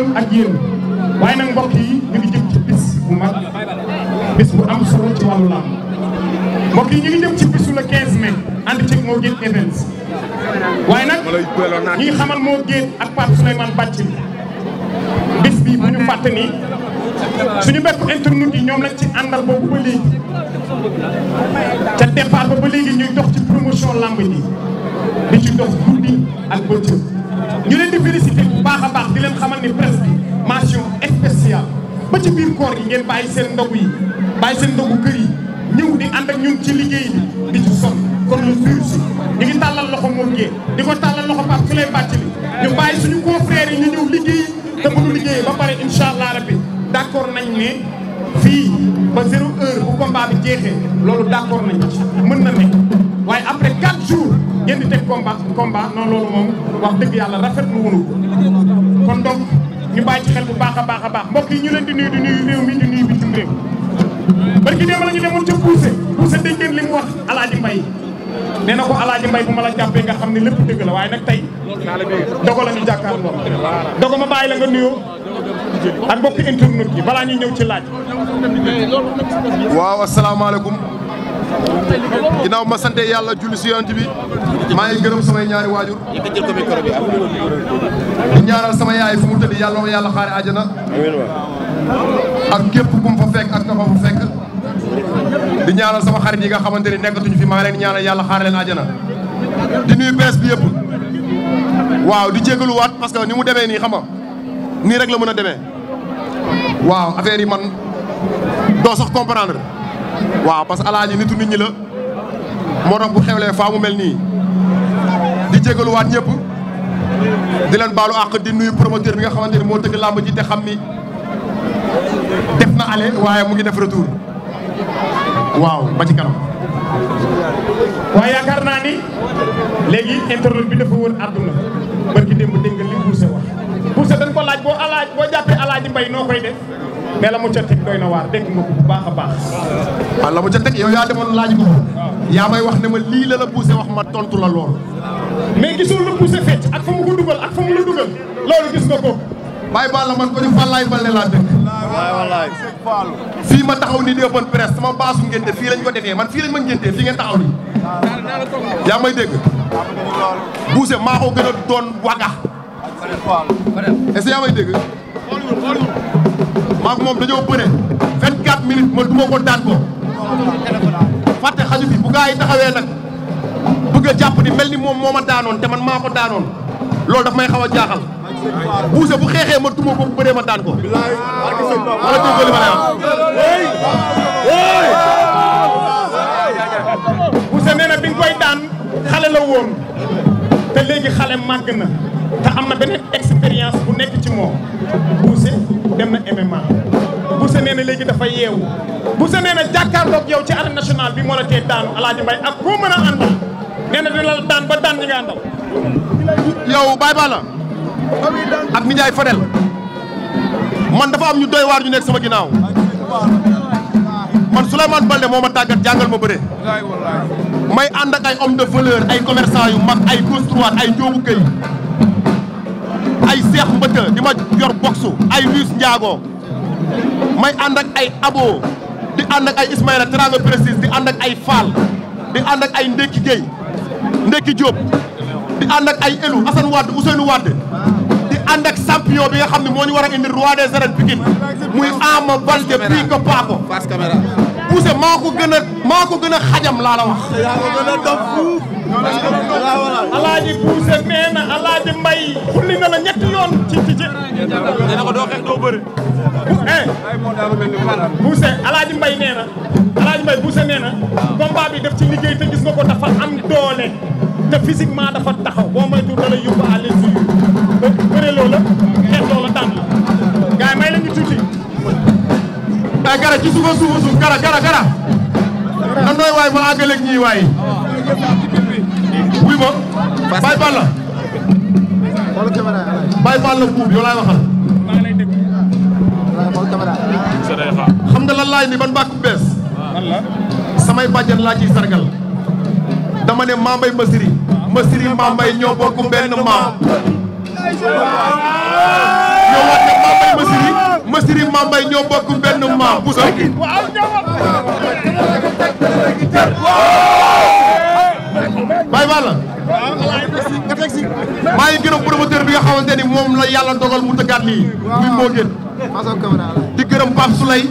àndoon ak yéen waaye nag yi ñu ngi jëm yi ñu ci bisu le 15 mai ànd ci moo géet events waaye nag ñi ngi xamal moo géet ak Pape Souleymane Bathily bi bu ñu fàtte ni suñu mbokk internet yi ñoom lañ ci àndal boobu ba léegi ca départ ba ba léegi ñuy dox ci promotion làmb ji di ci dox guddi ak bëccëg ñu leen di féliciter bu baax a baax di leen xamal ni presse bi mention ba ci biir koor gi ngeen bàyyi seen ndogu yi bàyyi seen ndogu kër yi di ànd ak ñun ci liggéey bi di ci sonn kon lu suur si ñu ngi tàllal di ko tàllal loxo Pape su lay bàcc ñu ñu ñëw liggéey te mënu liggéey ba pare incha allah rabbi d'accord nañ ne fii ba zéro heure bu combat bi jeexee loolu d'accord nañ ci mën na nekk waaye après 4 jours ngeen di teg combat combat non loolu moom wax dëgg yàlla rafetlu wuñu ko kon donc ñu bàyyi ci xel bu baax a baax a baax mbokk yi ñu leen di nuyu di nuyu réew mi di nuyu bitim réew barki la ñu demoon ca Poussé Poussé dégg ngeen li mu wax alaaji mbay nee na ko alaaji bay bu ma la jàppee nga xam ne lépp dëgg la waaye nag tey dogo la ñu jàkkaarloo dogo ma bàyyi la nga nuyoo ak mbokki internet yi balaa ñu ñëw ci laaj waaw asalaamaaleykum ginnaaw ma sante yàlla julli si yonent bi maa ngi gërëm samay ñaari waajur di ñaanal sama yaay fu mu tëdd yàlla yàlla xaare àjjana ak képp ku mu fa fekk ak di ñaanal sama xarit yi nga xamante ni nekkatuñu fi maa ngi leen di ñaanal yàlla xaare leen àjjana di nuyu bees bi yëpp waaw di jégaluwaat parce que ni mu demee nii xam nii rek la mën a demee waaw affaire yi man doo sax comprendre waaw parce que alaaji nitu nit ñi la moo tax bu xewlee faa mu mel nii di jégaluwaat ñëpp di leen baalu àq di nuyu promoteur bi nga xamante ni moo tëgg làmb ji te xam ni def na ale waaye mu ngi def retour waaw ba ci kanam. waaye yaakaar naa ni léegi internet bi dafa wër àdduna barki démb dégg nga li Boucher wax. bay noo mais la mu ca teg doy na waar dégg nga ko baax a baax. waaw ah, la mu ca teg yow yaa demoon laaj ko. yaa may wax ne ma lii la la poussé wax ma tontu la lool. mais gisoo la poussé fecc ak fa mu ko dugal ak fa mu la dugal loolu gis nga ko. Baye Balla man ko ñu Fallaye Balla laa dëkk. waay wallaay. fii ma taxaw nii di open presse sama baasu ngénte fii lañ ko defee man fii lañ ma ngéntee fii ngeen taxaw nii. yaa may dégg. buuse maa ko gën a doon waga. est-ce que yaa may dégg. maak moom dañoo bëre 24 minutes ma duma ko daan ko fàtte xaju bi bu gaa yi taxawee nag bëgg jàpp ni mel ni moom moo ma daanoon te man maa ko daanoon loolu daf may xaw a jaaxal buuse bu xeexee ma duma ko bu bëree ma daan ko wala dégg li ma lay wax buuse nee na bi nga daan xale la woon te léegi xale màgg na te am na beneen ne léegi dafa yeewu bu sa nee na jàkkaarloog yow ci arène nationale bi moo la tee daan Alaaji Mbay ak koo mën a àndal nee na Fadel man dafa am ñu doy waar ñu nekk sama ginnaaw man Souleymane Balde moo ma tàggat jàngal ma bëre may ànd ak ay homme de valeur ay commerçant yu mag ay construire ay njóobu këy ay seex mbëtë di ma yor boxu ay Luis Ndiago may ànd ak ay abo di ànd ak ay Ismaïla Teranga Prestige di ànd ak ay Fall di ànd ak ay Ndekki Gueye Ndekki Diop di ànd ak ay Elou Assane Wade Ousseynou Wade di ànd ak champion bi nga xam ne moo ñu war a indi roi des arènes Pikine muy Ama Baldé bii ko paako maa ko gën a maa ko gën a xajam laa la wax alaaji poussé nee alaaji mbay xulli na la yoon ci ci ci. dina ko doo xeex doo bëri. bu eh, Bousse Alaaji Mbay nee na Alaaji Mbay Bousse nee na. combat bi def ci liggéey te gis nga ko dafa am doole. te physiquement dafa taxaw boo moytu da lay yóbbu à l' étude bëre loola xeex loola tànn la gars yi may la ñu tuuti. Eh, gara ci suufa suufa suuf gara gara gara. nan nooy waay ma àggaleeg ñii waay. wuy ah. ma. Baye Balla. bàyyi Fall la yow laay waxal. xam nga lan laay ni ban bàkk bees. samay bàjjan laa ciy sargal. dama ne maa mbay Masiri. Masiri maa mbay ñoo bokk benn maam. ñoo wax ne maa teg si maa ngi gërëm promoteur bi nga xamante ni moom la yàlla dogal mu tëggaat lii muy moo gën di gërëm Pape Souley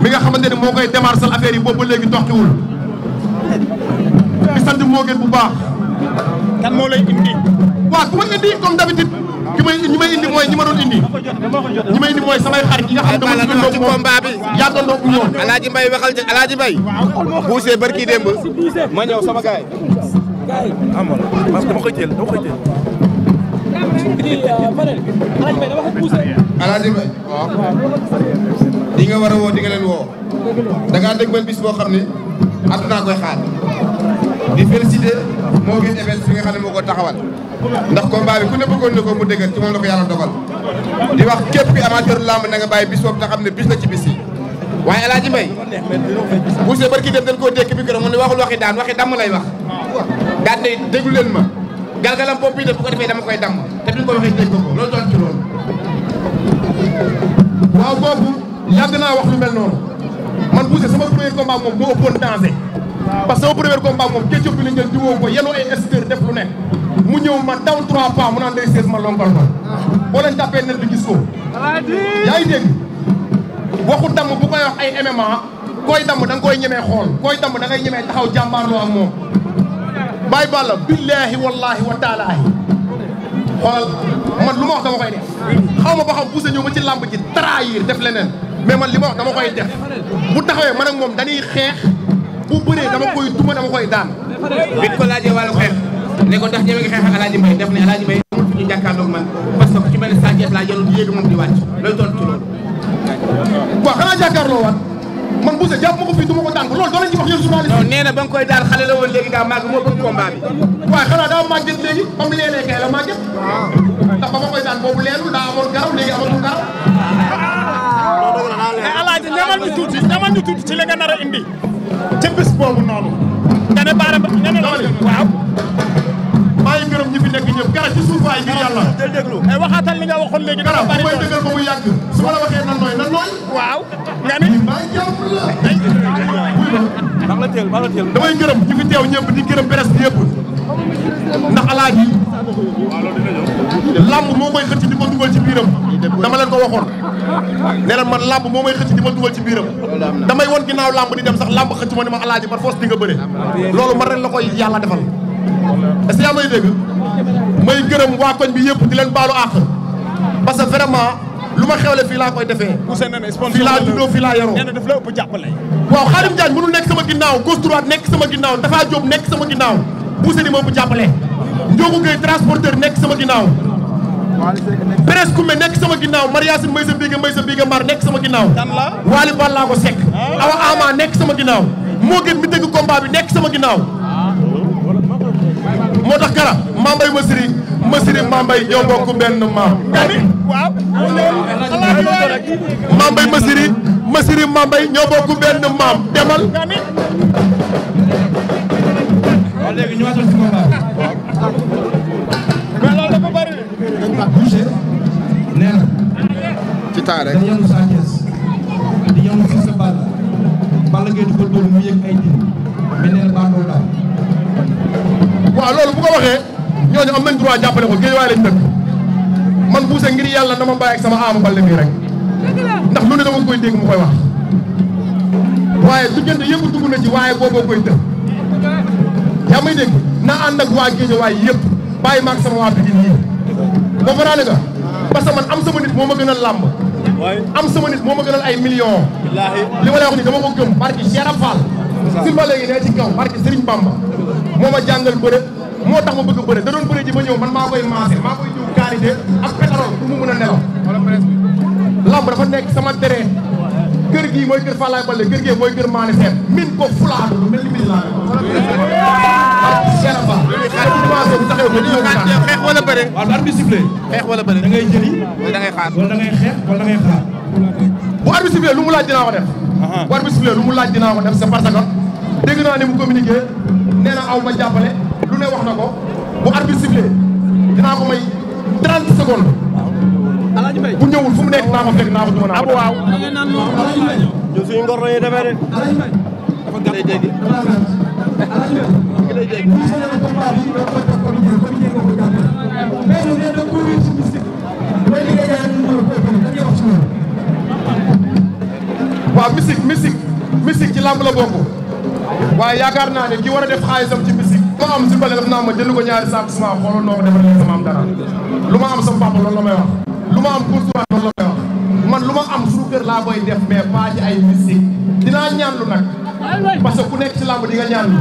mi nga xamante ni moo koy démarrer sal affaire yi boobu ba léegi toxtiwul di sant moo gën bu baax kan moo lay indi waaw ku ma indi comme d'habitude ki may ñi may indi mooy ñi ma doon indi ñi may indi mooy samay xarit yi nga xam dama doon ci combat bi yaa doon doon ñoom Alaaji Mbay ci Alaaji Mbay buusee barki démb amoon parce que dama koy jël dama koy jël. Alaaji Mbaye dama war a woo di nga leen woo. da ngaa dégg bis boo xam ne àdduna koy xaar. di félicité moo gën event bi nga xam ne moo ko taxawal. ndax combat bi ku ne bëggoon na ko mu dëggal ci moom la ko yàlla dogal. di wax képp ki amateur lamb na nga bàyyi bis boobu nga xam ne bis la ci bis yi. waaye Alaaji Mbaye. poussé barki dem dañ koo dékk bi keroog mu ne waxul waxi daan waxi damm lay wax. daal di déglu leen ma galgalam boobu bi def bu ko defee dama koy damm te bi ñu ko waxee dégg ko loolu doon ci loolu waaw boobu yàgg naa wax noonu man Boucher sama premier combat moom moo ëppoon danger parce que sama premier combat moom kécco bi la ngeen di woo ko yeloo mu ñëw ma daw trois pas mu naan sees ma longal ma boo leen jàppee nen bi gis ko yaa ngi dégg waxu damm bu koy wax ay MMA koy damm da nga koy xool koy damm da ngay ñemee taxaw Baye Balla billaahi wallaahi wa taalaahi man lu ma wax dama koy def xaw ma ba xam Boucher ñëw ci làmb ji trahir def leneen mais man li ma wax dama koy def bu taxawee man moom dañuy xeex bu bëree dama koy duma dama koy daan. bi ko laajee wàllu xeex ne ko ndax ñeme nga xeex ak El Hadj Mbaye def ne El Hadj Mbaye ne Sa Thiès laa yoroon di man Boucher jàpp ma ko fii du ma ko daan loolu doo leen ci wax yéen journaliste. non nee na koy daan xale la woon léegi daa màgg moo bëgg combat bi. waaye xanaa daa màgget léegi ba mu leenee kay la màgget. ndax ma koy daan boobu leelul daa amoon garaw léegi amatul garaw. mais ah. eh, Alaaji ñamal ñu tuuti ñamal ñu tuuti ci li nga nar a indi. ci bés boobu noonu. nga ne baara nga ne garab ci suuf waay ngir yàlla. del déglu ay eh, waxaatal li nga waxoon léegi. garab bu mu la waxee nan nooy nan nooy. waaw nga ni. maa ngi jàpp la. ndax la teel maa la damay gërëm ñu fi teew ñëpp di gërëm presse bi yëpp ndax alaaji làmb moo may xëcc di ma dugal ci biiram dama leen ko waxoon nee na man làmb moo may xëcc di ma dugal ci biiram damay won ginnaaw làmb di dem sax làmb xëcc ma ni ma alaaji par force di nga bëre loolu ma rek la koy yàlla defal est-ce que may dégg may gërëm waa koñ bi yëpp di leen baalu àq parce que vraiment lu ma xewle fii laa koy defee. Ousseyn nee na la fii laa juddoo fii laa yaroo. nee na daf la ëpp jàppale. waaw Khadim Diagne mënul nekk sama ginnaaw gauche droite nekk sama ginnaaw Tafa Diop nekk sama ginnaaw Boussé ni ma ëpp jàppale. Ndiogu Gueye transporteur nekk sama ginnaaw. Pérès Koumé nekk sama ginnaaw Mariasin may sa biige may sa biige Mar nekk sama ginnaaw. kan la Waly Balla ko Seck. Ah. Awa Ama nekk sama ginnaaw. moo gën mi dëgg combat bi nek sama ginnaaw. Ah. moo tax gara Mambay Massiri Massiri Mambay ñoo bokk benn maam. demal. waaw ma bougé. nee loolu bu ko waxee. ñooñu am nañ droit jàppale ko géejuwaay lañ dëkk man buuse ngir yàlla na ma bàyyi ak sama Ama Baldé bii ndax lu ne dama koy dégg mu koy wax waaye diggante yëpp dugg na ci waaye booboo koy të yaa may dégg na ànd ak waa géejuwaay yëpp bàyyi ma ak sama waa Pikine yii boobu naa ne nga parce que man am sama nit moo ma gën a làmb am sama moo ma gënal ay millions li ma lay wax ni dama ko gëm barki Cheikh Fall simba léegi ne ci barki Serigne Bamba moo moo tax ma bëgg bëre da doon bëre ji ba ñëw man maa koy maase maa koy jiw qualité ak pétrole pour mu mën a nelaw lamb dafa nekk sama deret kër gii mooy kër Falaye Baldé kër gii mooy kër Mané Sène min ko fulaatu lu mel ni min laa Seraba xeex wala bëre waaw xeex wala bëre da ngay jëli wala da ngay xaar wala da ngay xeex wala da lu mu laaj dinaa ko def lu mu laaj dinaa ko def c'est dégg naa ni mu communiqué nee ma jàppale lu ne wax na ko bu ko may 30 secondes. fu mu nekk naa ko fekk naa ko du ma naan. waaw ñun suñu ngor la ñuy waaw ci làmb la yaakaar naa ne ki war a def xaalisam ci ma am si bële daf naa ma jënd ko ñaari saako semence xoolal noo ko defalee sama am dara lu ma am sama papa loolu la may wax lu ma am course bi loolu la may wax man lu ma am suñu kër laa koy def mais pas ci ay mystique dinaa ñaanlu nag parce que ku nekk ci làmb di nga ñaanlu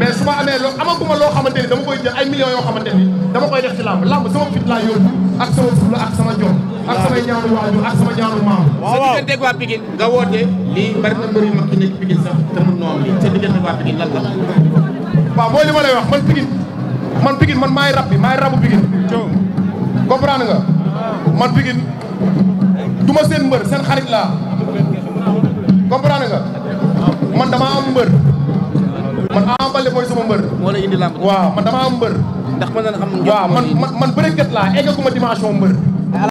mais su ma amee loo amaguma loo xamante ni dama koy jël ay millions yoo xamante ni dama koy def ci làmb làmb sama fit laa yóbbu ak sama fulla ak sama jom ak samay ñaanu waajur ak sama ñaanu maam sa digganteeg waa Pikine nga woote lii bari na mbir yu mag ci nekk Pikine sax te mun noo am lii sa digganteeg waa Pikine lan la waaw mooy li ma lay wax man Pikine man Pikine man maay rab bi maay rabu Pikine comprendre nga man Pikine du ma seen mbër seen xarit laa comprendre nga man dama am mbër man Ama Baldé mooy sama mbër. moo lay indi làmb waaw man dama am mbër. ndax man xam nga. waaw man man man bërekat laa eggaguma dimension mbër.